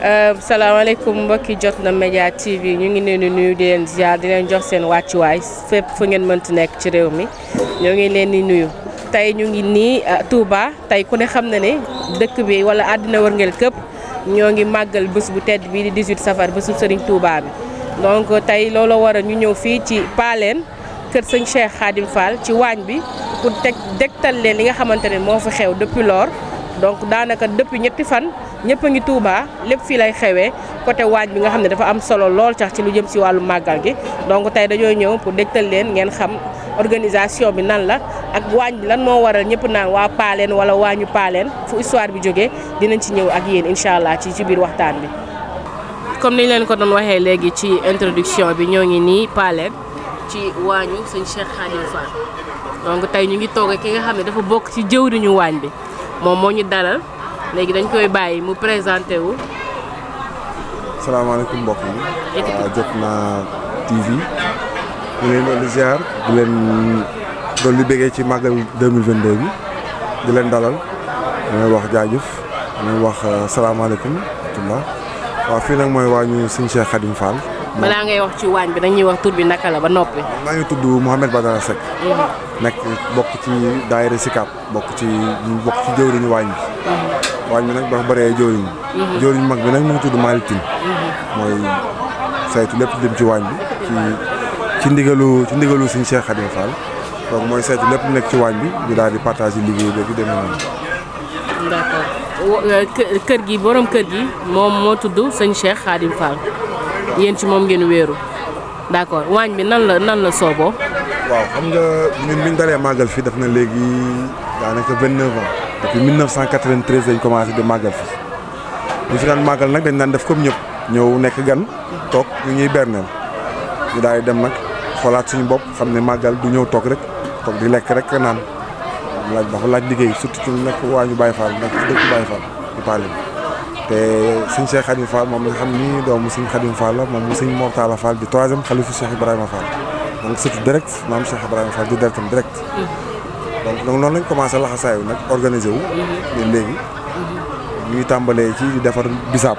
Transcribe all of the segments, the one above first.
Euh, salaamaaleykum mbokki jot na média TV ñu ngi leen di nuyu di leen ziar di leen jox seen wàccuwaay fépp fa ngeen mënti nekk ci réew mi ñoo ngi leen di nuyu. tey ñu ngi nii euh, Touba tey ku ne xam na ne dëkk bi wala àddina wërngel këpp ñoo ngi màggal bés bu tedd bii di 18 safar bésu Serigne Touba bi. donc tey loolu wara ñu ñëw fii ci Paaleen kër sëñ Cheikh Khadim Fall ci waañ bi pour teg degtal leen li nga xamante ne moo fi xew depuis lors. donc daanaka depuis ñetti fan ñëpp a ngi Touba lépp fii lay xewee côté waaj bi nga xam ne dafa am solo lool sax ci lu jëm si wàllu màggal gi donc tey dañoo ñëw pour dégtal leen ngeen xam organisation bi nan la ak waañ bi lan moo waral ñëpp naan waa paaleen wala waañu paaleen fu histoire bi jógee dinañ ci ñëw ak yéen incha allah ci ci biir waxtaan bi. comme niñ leen ko doon waxee léegi ci introduction bi ñoo ngi nii paaleen ci waañu sëñ Cheikh Khadim Fall donc tey ñu ngi toog ki nga xam ne dafa bokk ci jëwriñu waañ bi. moom moo ñu dalal léegi dañ koy bàyyi mu présenté wu. salaamaaleykum mbokk mi. Jotna TV. ñu leen doon di ziar di leen doon li bëggee ci màggal 2022 bi di leen dalal di wax jaajëf di leen wax euh, salaamaaleykum wa rahmatulah waaw fii nag mooy waa ñu Sëñ Cheikh Khadim Fall. balaa ngay wax ci waañ bi dañuy wax tur bi naka la ba noppi. maa ngi tudd Mouhamed dara Seck. Mhm. nekk bokk ci daayira Sicap bokk ci bokk ci jëwriñu waañ bi. Mhm. waañ bi nag dafa bëree jëwriñ. Mhm. jëwriñ mag bi nag mu tudd Malick mooy saytu lépp lu dem ci waañ bi ci ndigalu ci ndigalu suñu Cheikh Khadim Fall donc mooy saytu lépp nekk ci waañ bi daal di partager liggéey bi demee noonu. d'accord euh, kër gi borom kër gi moom moo tudd sëñ Cheikh Khadim Fall. yéen ci moom ngeen wéeru d' accord waañ bi nan la nan la sooboo. waaw xam nga ñun bi ñu dalee màggal fii def na léegi daanaka vingt neuf ans depuis 1993 dañ commencé di màggal fii ñu fi daan màggal nag dañ daan def comme ñëpp ñëw nekk gan toog ñu ñuy berneel ñu daal di dem nag xoolaat suñu bopp xam ne màggal du ñëw toog rek toog di lekk rek naan laaj dafa laaj liggéey surtout ci nag waa ñu Baye Fall nag dëkk Baye di Palais te suñ Cheikh Khadim Fall moom nga xam ni doomu suñ Khadim Fall la moom suñ a faal di troisième xalifu Cheikh Ibrahima Fall donc surtout direct maam Cheikh Ibrahima Fall di directam direct donc donc noonu lañ commencé laxasaayu nag organisé wu mais mhm. léegi ñuy tàmbalee ci di defar bisaab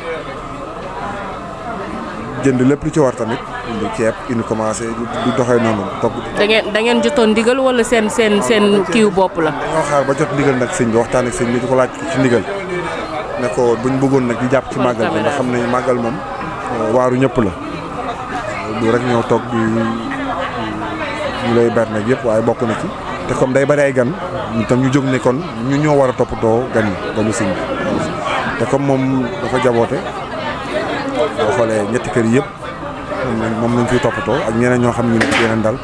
jënd lépp lu ci war tamit indi ceeb indi commencé du doxee noonu topp. da ngeen da ngeen jotoon ndigal wala seen seen seen kiiw bopp la. ñoo xaar ba jot ndigal nag sëñ bi waxtaan ak sëñ bi ko laaj ci ndigal ne ko buñ bëggoon nag di jàpp ci màggal bi ndax xam nañ màggal moom euh, waaru ñëpp la du rek ñoo toog bi ñu lay berne yëpp waaye bokk na ci. te comme day bari ay gan ñu tam ñu jóg ne kon ñu ñoo war a toppatoo gan yi ba sëñ bi te comme moom dafa jaboote. boo xoolee ñetti kër yëpp moom lañ ciy toppatoo ak ñeneen ñoo xam ñu nekk yeneen dal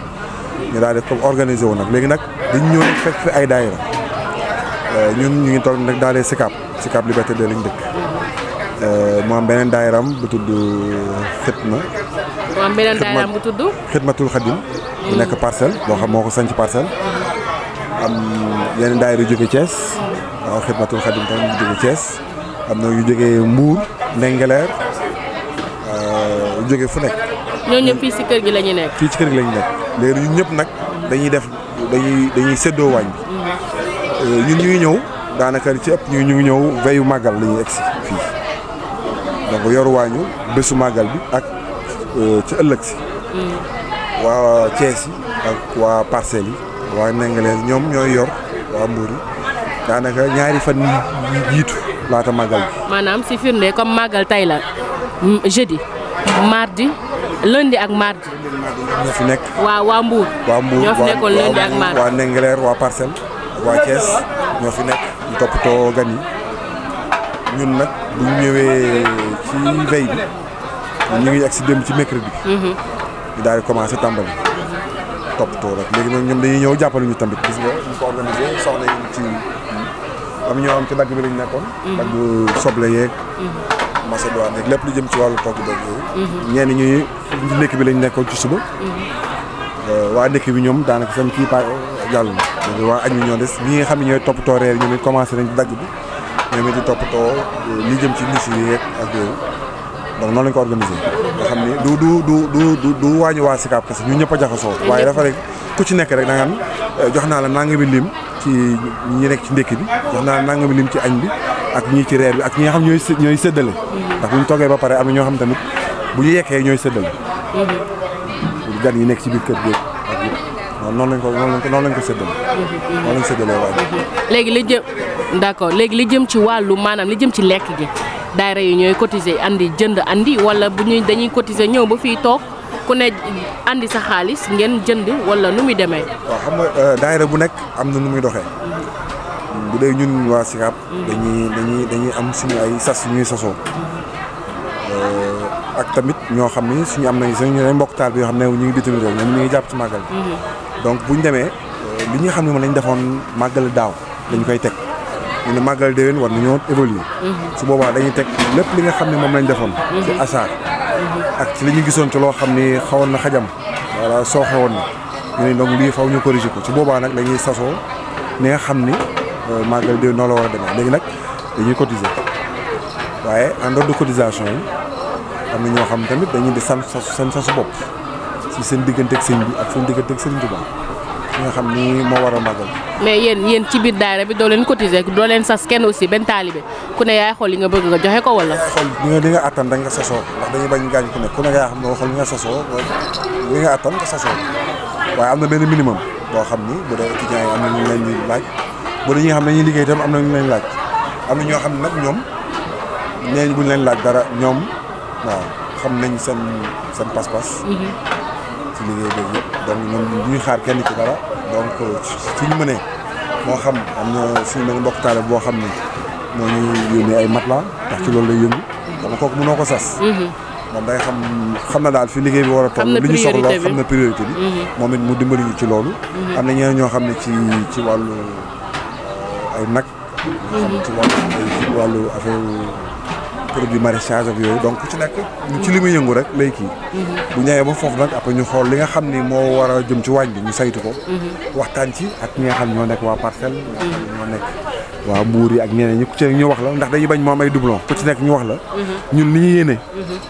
ñu daal di comme organisé wu nag léegi nag dañ ñëw nag fekk fi ay daayira euh, ñun ñu ngi toll nag daalee Sicap Sicap Liberté de lañ dëkk euh, mu am beneen daayiram bu tudd Xitma euh, mu am beneen daayiram bu tudd Xitmatul Xadim bu mm. nekk parcelle boo xam moo ko sanc parcelle am yeneen daayira jóge Thiès mm. waaw Xitmatul Xadim tamit jóge Thiès am na yu jóge Mbour Ndengeleer jógee fu nekk. ñooñu fii ci kër gi la ñu nekk. léegi ñun ñëpp nag dañuy def dañuy dañuy séddoo waañ bi. Mhm. Euh, ñun ñuy ñëw daanaka ci ëpp ñu ngi ñëw veyu màggal la ñuy egg si fii donc yor waañu bésu màggal bi ak euh, ci ëllëg si. Mhm. waa Thiès yi ak waa Parcelles yi. waa Nengeleen ñoom ñooy yor waa Mbour daanaka ñaari fan yi jiitu laata màggal bi. maanaam si firnde comme màggal tey la jeudi. mardi lundi ak mardi. ñoo fi nekk. waaw waa Mbour. waa Mbour waa Ndingler waa Parcelles waa Thiès ñoo fi nekk ñu toppatoo gan yi ñun nag bu ñu ñëwee ci veille bi ñu ngi yegg si démb ci mercredi bi. Mhm. ñu daal di commencé tàmbali. toppatoo rek léegi nag ñu dañuy ñëw jàppale ñu tamit gis nga ñu ko organisé soxna yi ci am ñoo am ci dagg bi lañ nekkoon. Mhm. dagg soble yeeg. Mhm. macédoine rek lépp lu jëm ci wàllu togg beeg yooyu. Mhm. ñenn ñi nekk bi lañu nekkoon ci suba. Mhm. Euh, waa dëkk bi ñoom daanaka seen kii pa jàll na. donc waa añ bi ñoo des ñi nga xam ne ñooy toppatoo reer ñoom it commencé nañ dagg bi ñoom it di toppatoo euh, li jëm ci niche yi yeeg ak yooyu donc noonu lañ ko organisé. nga xam ne du du du du du du waa Sicap parce que ñun ñëpp a jaxasoo. waaye dafa rek ku ci nekk rek da ngaan euh, jox naa la nangami lim ci ñi nekk ci ndékki bi jox naa la nangami lim ci añ bi ak ñii ci reer bi ak ñi nga xam ñooy ñooy séddale ndax bu ñu toggee ba pare am na ñoo xam tamit bu ñu yekkee ñooy séddale pour yi nekk ci biir kër gi ak lañ ko noonu lañ ko séddale noonu lañ séddalee waaj léegi li jëm d'accord léegi li jëm ci wàllu maanaam li jëm ci lekk gi daayira yi ñooy cotiser andi jënd andi wala bu ñuy dañuy cotiser ñëw ba fii toog ku ne andi sa xaalis ngeen jënd wala nu muy demee waaw xam nga euh, daayira bu nekk am na nu muy doxee bu dee ñun waa SICAP. dañuy dañuy dañuy am suñu ay sas yu ñuy sasoo. ak tamit ñoo xam ni suñu am nañu suñu ay mbokk taal bi yoo xam ne ñu ngi bitim réew ñoom ñu ngi jàpp ci màggal bi. donc bu ñu demee li nga xam ne moom lañ defoon màggal daaw dañ koy teg ñu ne màggal déwén war nañoo évoluer. su boobaa dañuy teg lépp li nga xam ne moom lañ defoon. ci asaar. ak ci li ñu gisoon ci loo xam ni xawoon na xajam. voilà sooxe woon na ñu ne donc lii faw ñu corriger ko ci boobaa nag dañuy sasoo ni nga xam ni. Euh, màggal déwén noonu la war a demee léegi nag dañuy cotiser waaye en dehors de cotisation yi am na ñoo xam tamit dañuy di sant sa seen sasu bopp seen digganteeg bi ak seen digganteeg sëñ Tuubaa ñi xam ni moo war a màggal. mais yéen yéen ci biir daayira bi doo leen cotiser doo leen sas kenn aussi benn taalibe ku ne yaay xool yi nga bëgg nga joxe ko wala. yaay xool li nga li nga attan da nga sasoo ndax dañuy bañ gaañ ku ne ku ne yaa xam ne waxal li nga sasoo li nga attan nga sasoo waaye am na benn minimum boo xam ni bu dee étudiants yi am na ñu leen di laaj. wala ñi nga xam ne ñuy liggéey itam am na ñu leen laaj am na ñoo xam ne nag ñoom nee buñ leen laaj dara ñoom waaw nañ seen seen pas-pas. Mm-hmm. liggéey boobu yëpp donc kenn ci dara donc suñ mënee moo xam am na suñu mel mbokk taale boo xam ne moo ñu ay matelas ndax ci loolu lay yëngu. donc kooku mënoo ko sas. Mm-hmm. moom day xam xam na daal fi liggéey bi war a toll li ñu soxla xam na priorité bi mm-hmm. moom it mu dimbali ñu ci loolu am na ñeneen ñoo xam ne ci ci wàllu ay nag. xam mhm. ci wàllu ay wàllu affaire produit maraîchage ak yooyu donc ku ci nekk. ci li muy yëngu rek lay kii. Mhm. bu ñëwee ba foofu nag après ñu xool li nga xam ni moo war a jëm ci waañ bi ñu saytu ko. Mhm. waxtaan ci ak ñi nga xam ñoo nekk waa parcelle. ñoo nekk waa buur yi ak ñeneen ñi ku ci nekk ñu wax la ndax dañuy bañ moo am ay doublon ku ci nekk ñu wax la. ñun li ñu yéene.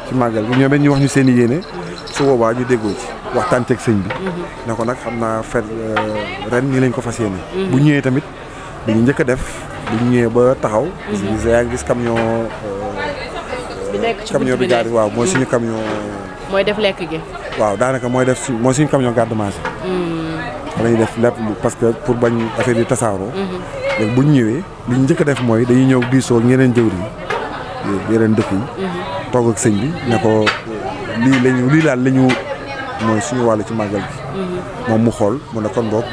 ci màggal bi ñoom ñu wax ñu seen i yéene. su boobaa ñu déggoo ci. waxtaan ci ak sëñ bi. ne ko nag xam naa fet euh, ren nii lañ ko fas yéene. bu ñëwee tamit. li ñu njëkk a def bu ñu ñëwee ba taxaw. Mhm. gis gis camion. Euh, bi nekk ci camion waaw mooy mhm. suñu camion. mooy def lekk waaw daanaka mooy def su mooy suñu camion garde manger. dañuy mhm. def lépp parce que pour bañ affaire yi tasaaroo. bu ñu ñëwee li ñu njëkk a def mooy dañuy ñëw diisoo ak yeneen jëwri yi yeneen yi. toog ak sëñ bi ne ko lii mooy suñu wàll ci màggal bi moom mu xool mu ne kon boog.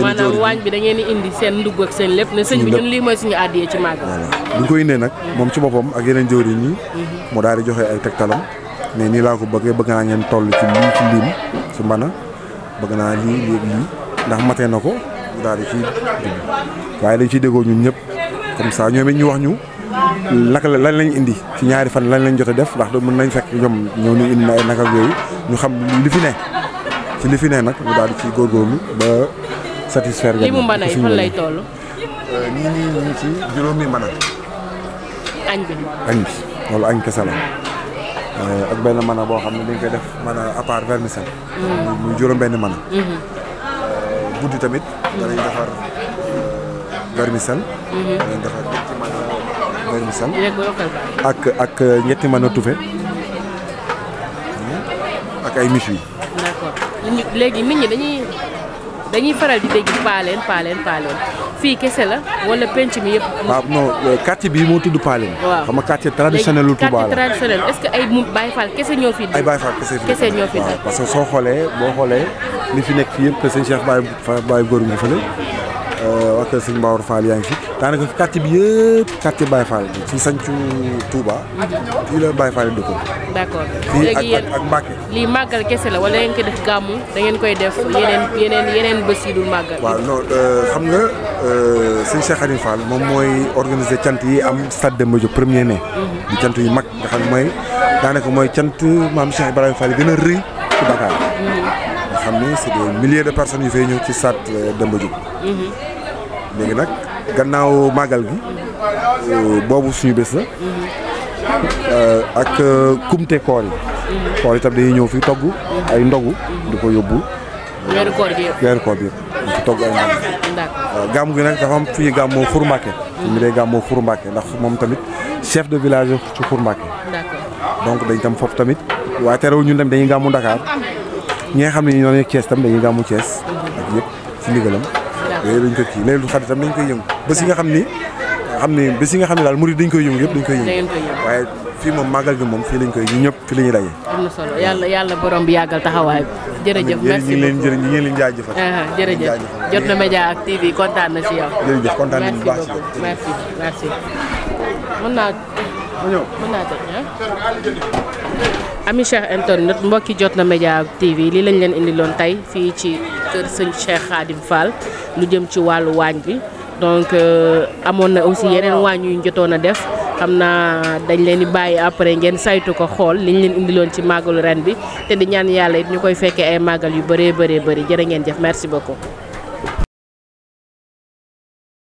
maanaam waañ bi da indi seen ndugg ak seen lépp ne sëñ bi ñun lii mooy suñu àddiyee ci màgg voilà bu ñu ko indee nag mm-hmm. moom ci boppam ak yeneen jëwriñ ñi mu mm-hmm. daal di joxe ay tegtalam ne nii laa ko bëggee bëgg naa ngeen toll ci lii ci liim ci mbana bëgg naa lii lii lii ndax matee na ko mu daal di ci dugg waaye dañ ciy déggoo ñun ñëpp comme ça ñoom it ñu wax ñu naka la lan lañ indi ci ñaari fan lan lañ jot a def ndax do mën nañ fekk ñoom ñëw ñu indi ay naka yooyu ñu xam li fi ne li fi ne nag satisfaire. li mu mën a fan lay toll. ñii ñii ñu ngi juróomi mën a. añ bi. loolu añ kese euh, ak benn mën a boo xam ne dañ koy def mën a à part vermicelle. Mm-hmm. muy juróom benn mën a. Mm-hmm. Euh, guddi tamit. danañ defar vermicelle. Mm-hmm. danañ defar ñetti mën a ak ak euh, ñetti mën a tufe hmm? ak ay miche yi. léegi nit ñi dañuy. dañuy faral di dégg paaleen paaleen paaleen fii kese la wala penc mi yëpp. waaw ah, non euh, quartier bii moo tudd paaleen. waaw xam nga quartier traditionnel lu Touba la traditionnel est-ce que ay Baye Fall kese ñoo fi. ay Baye Fall kese ñoo fi parce que soo xoolee boo xoolee li fi nekk fii yëpp que sëñ Cheikh Baye Baye Góor mi fële. waa euh, kër sëñ Mbaor Fall yaa ngi fi daanaka quartier bi yëpp quartier Baye Fall bi ci sancu Touba fii la Baye Fall ko d'accord léegi yéen ak Mbacke. lii màggal kese la wala da ngeen koy def gàmmu da ngeen koy def yeneen yeneen yeneen màggal. waaw non euh, xam nga euh, sëñ Cheikh Khadim moom mooy organiser cant yi am stade Demba Diop premier mai. Mhm. di cant yu mag nga xam mooy daanaka mooy cant maam Cheikh Ibrahima Fall gën a rëy ci Dakar. Mhm. nga xam ne c'est des milliers de personnes yu ci stade Demba léegi nag gannaaw màggal gi euh, boobu suñu bés la euh, ak euh, kumte koor yi koor yi tam dañuy ñëw fi togg ay ndogu di ko yóbbu weeru koor bi yëpp weeru gi nag dafa am fii gàmmoo Xuru Mbàkke mi day gàmmoo Xuru Mbàkke ndax moom tamit chef de village ci Xuru Mbàkke donc dañ tam foofu tamit waaye terewul ñun tamit dañuy gàmmu Dakar ñi nga xam ne ñoo nekk Thiès tam dañuy gàmmu Thiès mhm. ak yëpp ci ndigalam yooyu dañ ko kii laylatul xadr tam dañ koy yëngu bés yi nga xam ni xam ni ba yi nga xam ne daal murid dañ koy yëngu yëpp dañ koy yëngu waaye fii moom màggal gi moom fii lañ koy ñu fii la ñuy daje am na solo a yàlla borom bi yàggal taxawaay bi jërëjëf merci ñu ngi leen jërëjëf ñu ngi leen jaajëfal jërëjëf Jotna Média ak TV kontaan na ci a jërëjëf kontaan nañu bu baax ci yow merci merci mën naa ñëw naa tëj ah. ami cher internet mbokki Jotna Média ak TV lii lañ leen indiloon tey fii ci kër sëñ Cheikh Khadim Fall lu jëm ci wàllu waañ bi donc euh, amoon na aussi yeneen waañ yu ñu jotoon a def xam naa dañ leen di bàyyi après ngeen saytu ko xool li ñu leen indiloon ci màggalu ren bi te di ñaan yàlla it ñu koy fekkee ay màggal yu bëree bëree bëri jërë ngeen jëf merci beaucoup.